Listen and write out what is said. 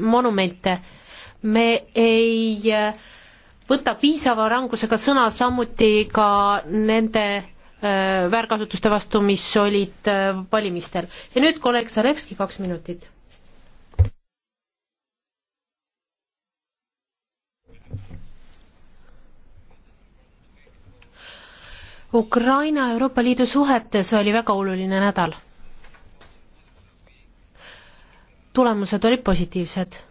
monumente. me ei äh, võta piisava rangusega sõna samuti ka nende äh, väärkasutuste vastu, mis olid äh, valimistel. ja nüüd kolleeg Zalewski, kaks minutit. Ukraina Euroopa Liidu suhetes oli väga oluline nädal tulemused olid positiivsed